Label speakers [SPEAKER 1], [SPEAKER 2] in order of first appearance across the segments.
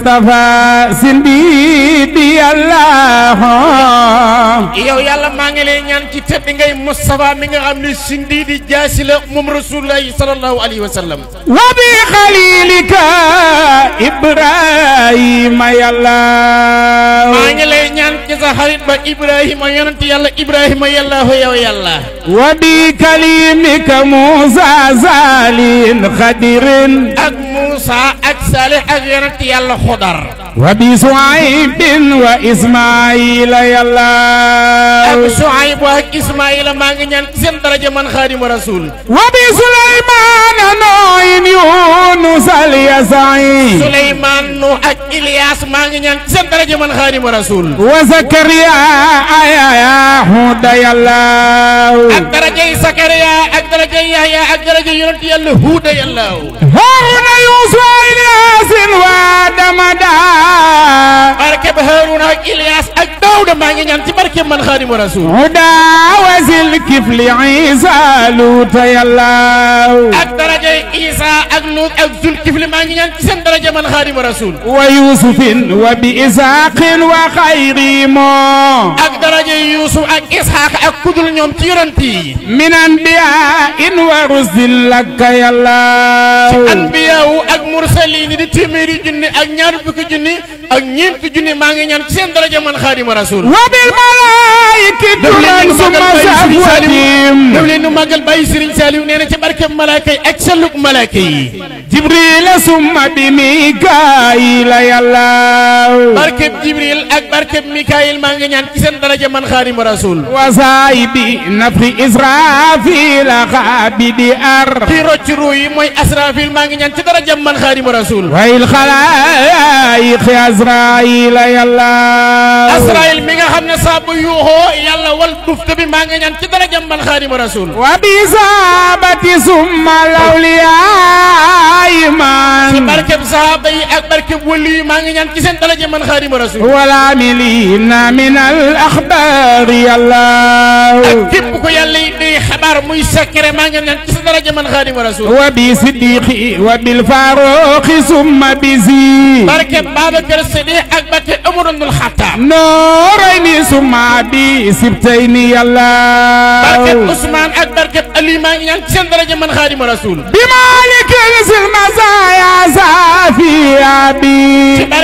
[SPEAKER 1] Mustafa sin bi di Allah yow yàlla maa ngi lay ñaan ci bi di jaasi la moom rasulullahi sallallahu alayhi wa bi xalilika Ibrahima yàlla maa ci sa xarit ba Ibrahima yonent yàlla Ibrahima yàlla yàlla wa bi kalimika Musa zalin xadirin Muusaa ak Saalix ak yonent yàlla Xodar wa bi Suaybin wa Ismaayila yàlla ak Suayb ak Ismaayila maa ngi ñaan ci seen daraja man Xaadimu Rasuul wa bi Sulaymaana nooyin Yuunus al Yasai Sulaymaan nu ak Ilyaas maa ngi ñaan ci seen daraja man Xaadimu Rasuul wa Zakariya ayaa Huuda yàlla ak darajay Zakariya ak darajay Yahya ak darajay yonent yàlla Huuda yàlla waa Ilyaasin waa Damada barke ba Haaruna ak Ilyaas ak gaaw de maa ngi ñaan ci barke man xaadimu rasul huda wasil kifli isa luuta yàlla ak daraja isa ak nuut ak zul kifli maa ngi ñaan ci seen daraja man xaadimu rasul wa yusufin wa bi isaaqin wa xayri ak daraja yusuf ak isxaq ak kudul ñoom ci min anbiya in lakka yàlla ak mursalin di téeméeri junni ak ñaar fukki junni ak ñeenti junni maa ngi ñaan ci seen daraja man xaadimu rasul rasul wa bil malaayikati tulan summa safwatim def leen nu màggal bàyyi Serigne Saliou nee na ci barkeb malaaka yi ak selluk malaaka yi jibril summa bi mikaayil yàlla barkeb jibril ak barkeb mikaayil maa ngi ñaan ci seen daraja man xaadimu rasul wasaay bi nafri israfil xaabidi ar ki rocc ruu yi mooy asrafil maa ngi ñaan ci daraja man xaadimu rasul wayil xalaayiq asraila yàlla Israël mi nga xam نصاب يوهو يلا والدفت بمانجن ان كدر جمب الخارم رسول وبصابة ثم الأولياء ايمان سبرك بصابة اكبرك بولي مانجن ان كسن تل جمب الخارم رسول والعملين من الأخبار يلا اكبكو يلي دي خبر مي سكر مانجن ان كسن تل جمب الخارم رسول وبصديق وبالفاروق ثم بزي بارك بابك رسلي اكبرك امر من الخطا نورين suma di sibtay ni yàlla. barkeb Ousmane ak barkeb Aliou maa ngi ñaan ci seen daraja man xaadima rasul. bi maaliki rizqil masaaya safiya bi.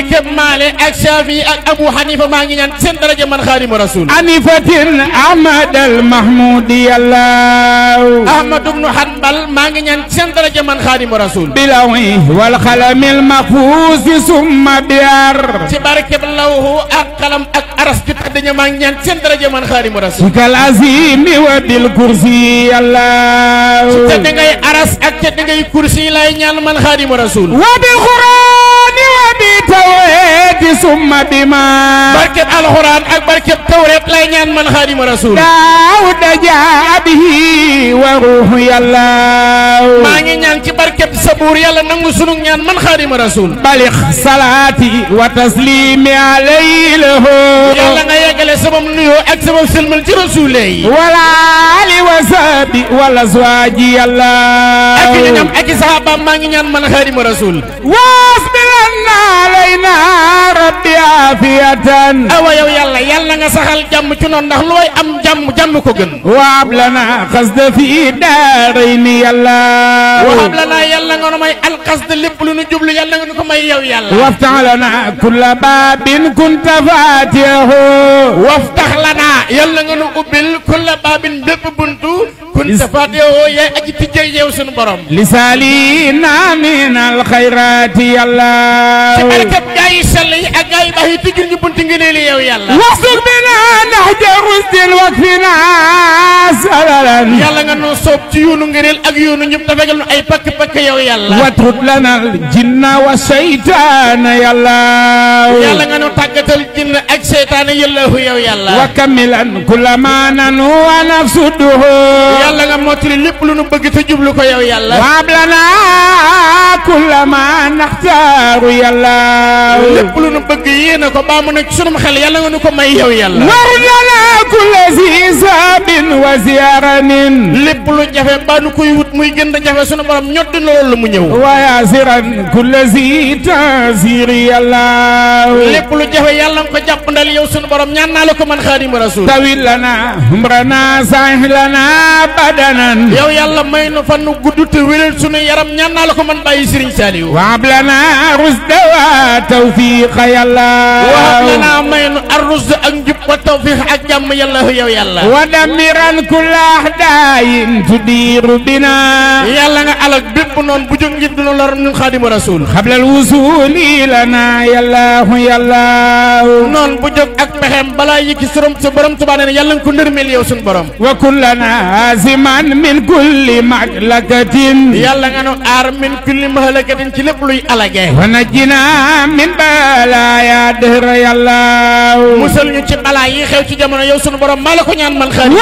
[SPEAKER 1] barke male ak shafi ak Abu Hanifa ma ngi ñaan seen daraja man Xaadimu rasul anifatin ahmad al mahmudi allah ahmad ibn Hanbal ma ngi ñaan seen daraja man Xaadimu rasul bilawi wal khalam al mahfuz summa biar ci barke lawhu ak xalam ak aras ju tedd ma ngi ñaan seen daraja man Xaadimu Rasuul kal azim wa bil kursi allah ci tedd ngay aras ak tedd ngay kursi lay ñaan man Xaadimu rasul wa bil quran tawreeti summa bima barkeb alxuraan ak barkeb tawreet lay ñaan man xaadimu rasul daawuda jaa bihi wa ruuxu yàlla maa ngi ñaan ci barkeb sabuur yàlla nangu sunu ñaan man xaadimu rasul balix salaati wa taslimi alayhi lahu yàlla nga yeggale sama nuyoo ak sama sëlmal ci rasulé wala ali wa sahbi wala azwaaji yàlla ak ñam ak sahabaam maa ngi ñaan man xaadimu rasul waas علينا ربي عافية أو يو يلا يلا نسخل جم جنون نخلوي أم جم جم كوجن وهب لنا قصد في دارين يلا وهب لنا يلا نرمي القصد اللي بلون جبل يلا نكمي يو يلا وافتح لنا كل باب كنت فاتحه وافتح لنا yàlla nga nu ubbil kulla baabin bépp buntu kun tafaat yow yaay aji tijjee yow sunu borom lisaali na min alxayraati yàlla ci barkab gaa yi sell yi ak gaa yi baax yi tijjul ñu bunti ngi neeli yow yàlla wasur bina nahja rusdil wakfina salalan yàlla nga nu soob ci yoonu ngëneel ak yoonu ñëpp dafegal nu ay pakk pakk yow yàlla watrut lana jinna wa seytaana yàlla yàlla nga nu na ya yallahu yow ya yàlla wa kamilan kullama nanu wa nafsuduhu yàlla ya nga mottali lépp lu nu bëgg te jublu ko yow yàlla waab lana kullama naxtaaru yàlla lépp lu nu bëgg yéena ko baamu nag sunum xel yàlla nga nu ko may yow yàlla war lana kulla sisabin wa ziyaranin lépp lu jafe baa nu koy wut muy gën da jafe sunu borom ñodd na loolu mu ñëw wa yaasiran kulla si tasiri yàlla lu jafe yàlla nga ko jàppandal yow sunu borom ñaan na la ko man khadim rasul tawil lana umrana sahih lana badanan yow yalla may nu fannu gudd te welal sunu yaram ñaan na la ko man baye serigne saliw wa lana rusda wa tawfiqa yàlla wa lana may nu arruz ak njub wa tawfiq ak jàmm yàlla yow yalla wa damiran kullahdayn tudiru bina yàlla nga alak bi jàpp noonu bu jóg ngir du lor ñun xaadimu rasul xablal wusuli lana yàllaahu yàllaahu noonu bu jóg ak pexem balaa yëkki sa borom tubaa nee na yàlla ko ndërmeel yow suñu borom wa kullana aziman min kulli mahlakatin yàlla nga nu aar min kulli ci lépp luy alage wa najjina min balaaya dëhra yàllaahu musal ñu ci balaa yi xew ci jamono yow suñu borom maa la ko ñaan man xaadimu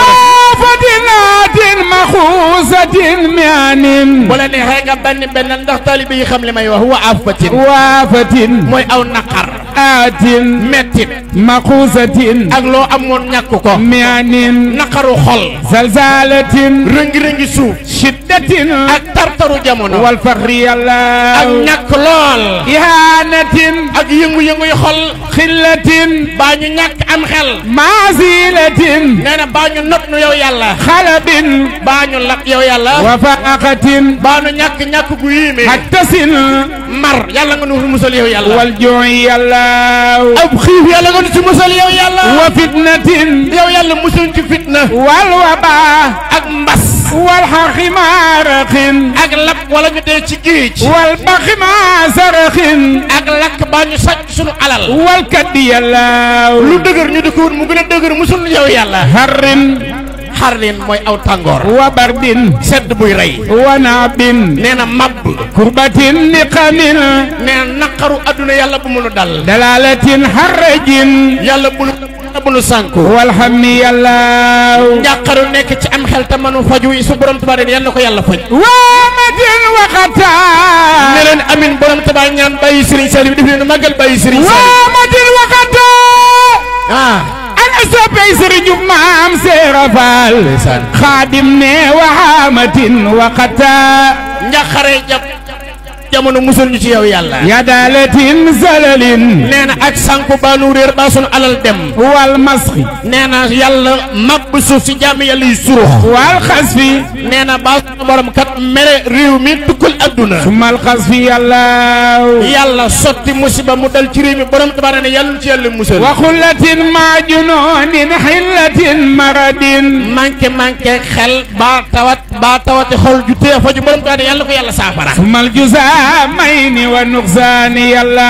[SPEAKER 1] وافة معنم بلا نهاية بن بن ندخ طالبي يخم لما هو آفة وافة موي أو نقر متين مت مقوسة أغلو أمون نكوكو معنم نقر خل زلزالتين رنج رنج سوف شدة أكترتر جمونو والفقر يلا أم نكلول إهانة أك ينغو ينغو يخل خلتين باني نك أم خل مازيلتين نانا باني نبنو يو يلا خلبين باني لك يو يلا yalla wa faqatin banu ñak ñak bu yime hatasin mar yalla nga nuru musal yow yalla wal ju'i yalla ab xif yalla nga ci musal yow yalla wa fitnatin yow yalla musul ci fitna wal waba ak mbass wal haqimarqin ak lak wala ñu de ci geej wal bakhima sarqin ak lak bañu sax suñu alal wal kadi yalla lu deugar ñu dëkkoon mu gëna deugar musul yow yalla harrin Harlin moy aw tangor wa bardin sedd buy ray wa naabin nee mab, mabb kurbatin niqamin nee na naqaru adduna bu mu dal dalalatin harajin yalla bu bunu sanku sànku walhamni yàlla njàqaru nekk ci am xel ta manu faju su borom tabaari yalla ko yalla faj wa matin waxata ne leen amin borom tabaari ñaan bàyyi serigne salim def leen magal serigne salim wa waa matin waxata ah soppey sëriñu maam seera faal xaadim ne waxaamatin waxata njaxare jab jamono musul ñu ci yow yàlla ya dalatin zalalin neena ak sànku banu réer ba sun alal dem wal masxi neena yàlla mab su si jam yàlla yu surux wal khasfi neena ba sun borom kat mere rew mi tukul aduna sumal khasfi yàlla yàlla soti musiba mu dal ci rew mi borom tabaana yàlla ci yàlla musul wa xullatin maajunonin hilatin maradin manke manke xel ba tawat ba tawati xol ju te fa ju borom tabaana yàlla ko yàlla safara sumal jusaa jusamayni wa nuqsaani yàlla.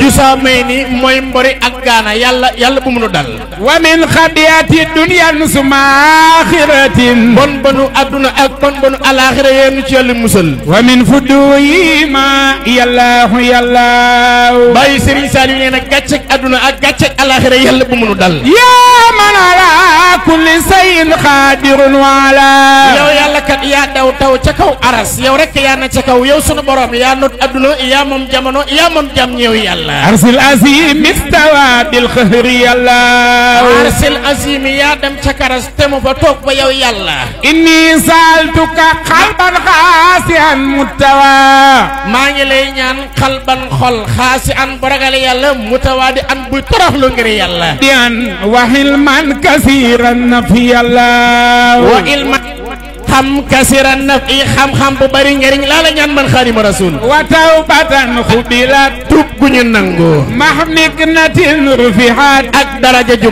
[SPEAKER 1] jusamayni mooy mbori ak gaana yàlla yàlla bu mu dal. wa min xadiyati dunya nusuma axiratin. bon bonu adduna ak bon bonu alaxira yéen ci yàlla musal. wa min fuddu yi ma yàlla yàlla. bàyyi Serigne Saliou nee na gàcceeg adduna ak gàcceeg alaxira yàlla bu mu dal. yaa man ala kulli sayin xaadirun wala. yow yàlla kat yaa daw taw ca kaw aras yow rek yaa na ca kaw yow sunu borom. borom yaa not jamono yaa moom jam yàlla arsil azim istawa bil xëhri yàlla arsil azim yaa dem ca karas ba yow yàlla inni saaltuka xalban xaasian mutawa maa ngi lay ñaan xalban xol xaasi an bu ragal yàlla mutawa di an buy toroxlu ngir yàlla di wa ilman kasiran na xam kasiran nafi xam-xam bu bari ngariñ la la ñaan man khadim rasul wa tawbatan xubilat tub gu ñu mahmik natin rufihat ak daraja ju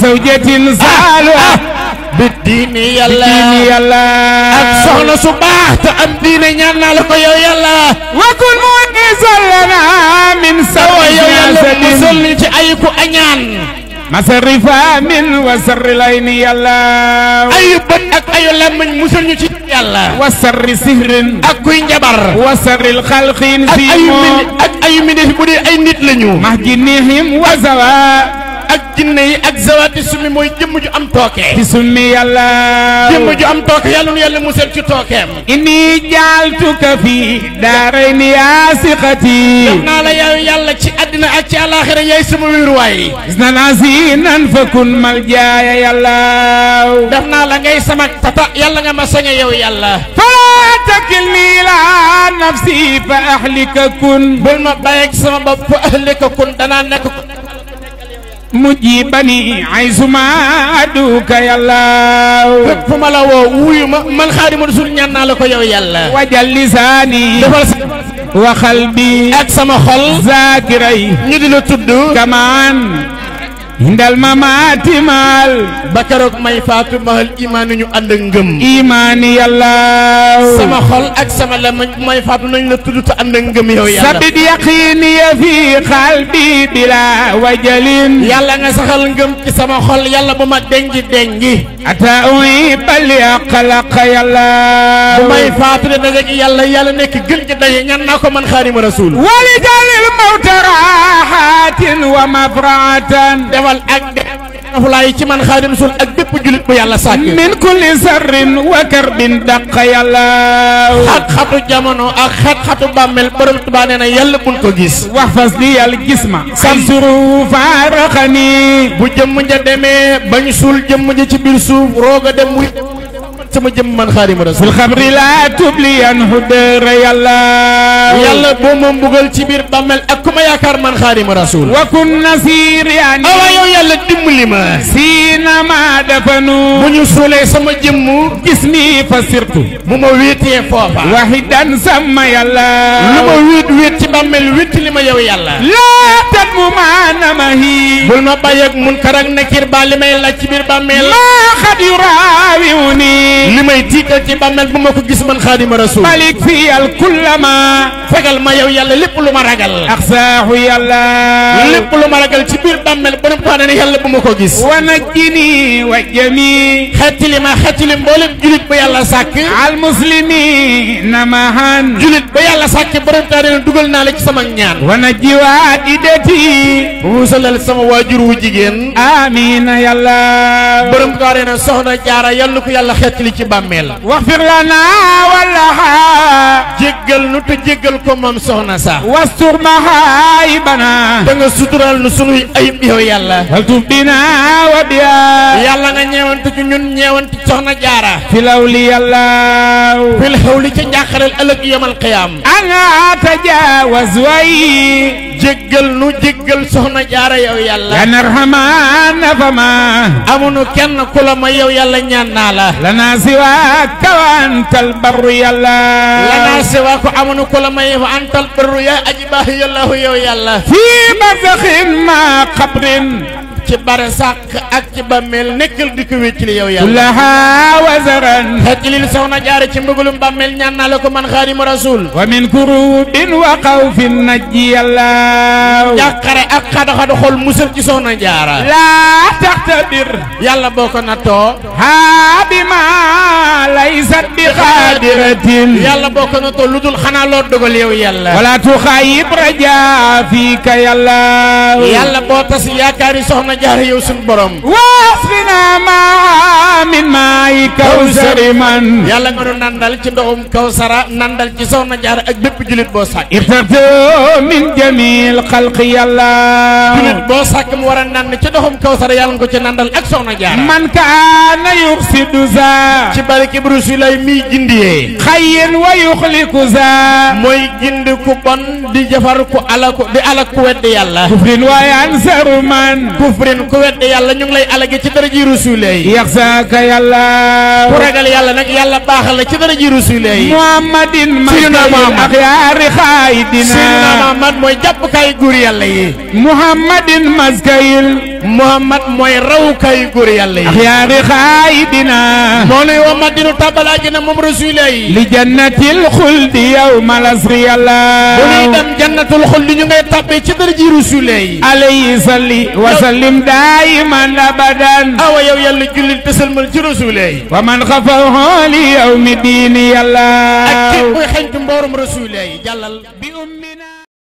[SPEAKER 1] saw jetin salu bidini yalla bidini yalla ak soxna su baax ta am diine ñaan na la ko yow yalla wa kun muqisan min sawa yow yalla musal ci ay ku añaan masari faamin wasari lay ni yàlla ayu bët ak ayu làmmiñ musal ñu ci yàlla wasari sihrin ak kuy njabar wasari xalqin siimo ak ayu mindeef bu dee ay nit lañu max ji niihim wasawa jinne yi ak zawaati summi mooy jëmm ju am tooke ci summi yàlla jëmm ju am tooke yàlla nu yàlla musal ci tookeem inni jaaltuka fi daarayni yaasiqati def naa la yow yàlla ci àddina ak ci àlaaxira yaay sama wéeruwaay nanaasinan fakun maljaaya yàlla def naa la ngay sama tata yàlla nga ma sañe yow yàlla falaa takilni ilaa nafsi fa ahlika kun bul ma bàyyeeg sama bopp fa ahlika kun danaa nekk mujibani ay suma aduka yàlla. fépp fu ma la woo wuyu ma man Xaadimu Rasuul ñaan naa la yow yàlla. wajal lisaani. defal sa bi. ak sama xol. zaakiray. ñu di la tudd. kamaan. ma maatimaal. ba keroog may faatu mahal imaani ñu ànd ak ngëm. sama xol ak sama lam may faatu nañ la tuddu ta ànd ngeum yow yalla sabid yaqini ya fi qalbi bila wajalin yalla nga saxal ngeum ci sama xol yalla buma dengi dengi ata uy bal yaqlaq yàlla bu may faatu de dajeeg yalla yalla nek gel ci day ñan nako man kharim rasul Walidal jalil mawta wa mafratan dewal ak raxulaay ci man xaadim sul ak bépp julit bu yàlla sàkk min kulli sarrin wa karbin dàq yàlla xat-xatu jamono ak xat-xatu bàmmel borom Tuubaa nee na yàlla buñ ko gis wax fas di yàlla gis ma samsuru faaraxani bu jëmm ja demee bañ suul jëmm ja ci biir suuf rooga dem muy sama jëm man xaadimu rasul xamri laa tubliyan hudara yàlla yàlla boo ma mbugal ci biir bàmmel ak ku ma yaakaar man xaadimu rasul wa kun nasir yaani awa yow yàlla dimbali ma si dafanu bu ñu suulee sama bu ma wéetee foofa waxidan sama yàlla lu ma wéet wéet ci bàmmeel wéet li ma yow yàlla laa tat mu maanama hi bul ma bàyyeeg munkar ak nakir ba li may laaj ci biir bàmmeel maa xat yu raawiwu ni li may tiital ci bàmmeel bu ma ko gis man xaadima rasul malik fi al kullama fegal ma yow yàlla lépp lu ma ragal ak saaxu yàlla lépp ma ragal ci biir bàmmeel ba nu paanani yàlla bu ma ko gis wa najjini وجميع xettili ma xettili mboolem julit ba yalla sak al muslimi, namahan julit ba yalla sak borom taa na dugal na la ci sama ñaan wa najiwaat idati musallal sama waajur wu jigéen amina yalla borom taa na soxna jaara yalla ko yalla xetli ci bammel waghfir lana ha jegal nu te jegal ko mom soxna sa wastur mahay bana da nga sutural nu sunuy ayib yow yàlla wal bina wa biya yàlla nga ñeewantu ci ñun ñeewantu ci soxna jaara filaw li yàlla fil xew li ca njàqareel ëllëg yemal xiyaam ana tajawaz way jéggal nu jéggal soxna jaara yow yàlla yanarhaman fama amunu kenn ku la ma yow yàlla ñaan naa la lana siwaaka wa antal barru yàlla lana siwaaka amunu ku la may wa antal barru yaa aji baax yàlla yow yàlla fi barzaxin ma qabrin ci barsàq ak ci bàmmeel nekkal di ko wéccili yow yàlla laha wazaran xeccilil soxna jaare ci mbugulum bàmmeel ñaan naa la ko man xaadimu rasul wa min kurubin wa xawfin najji yàlla jàqare ak xadaxadu xol musal ci soxna jaara laa taxtabir yàlla boo ko nattoo haa bi ma ghadil yalla bokkuna to ludul xana lo dogal yow yalla wala tu khayib raja fika yalla yalla bo tass yakari soxna jaar yow sun borom wasfina ma min maika usariman yalla ngoro nandal ci ndoxum kawsara nandal ci soxna jaar ak bepp julit bo sak irtafu min jamil khalq yalla julit bo sak mu wara nand ci ndoxum kawsara yalla ngoko ci nandal ak soxna jaar man ka na yufsidu za ci barki brusilay mi jindiye xayyin wa yuxliku za mooy gind ku bon di jafar ku alaku di alak ku wedd yàlla kufrin waaye ansaru man kufrin ku wedd yàlla ñu ngi lay alage ci dara ji rasuule yi yaxsaaka yàlla ku ragal yàlla nag yàlla baaxal la ci dara ji rasuule yi muhammadin mahdil axyaari xaayidina sayyidina muhammad mooy jàpp kay guur yàlla yi muhammadin maskayil muhammad mooy kay góor yàlla yi axyaari xaayidina moo nuy wa madinu tàbbal àjjana moom rasuula yi li jannatil xuldi yawma lasri yàlla bu dem jannatul xuldi ñu ngay tàbbee ci daraji rasuula yi alayhi salli wa sallim daayiman abadan awa yow yàlla jullit te sëlmal ci rasuula yi wa man xafahu li yawmi diini yàlla ak képp kuy xeñtu mboorum jàllal bi um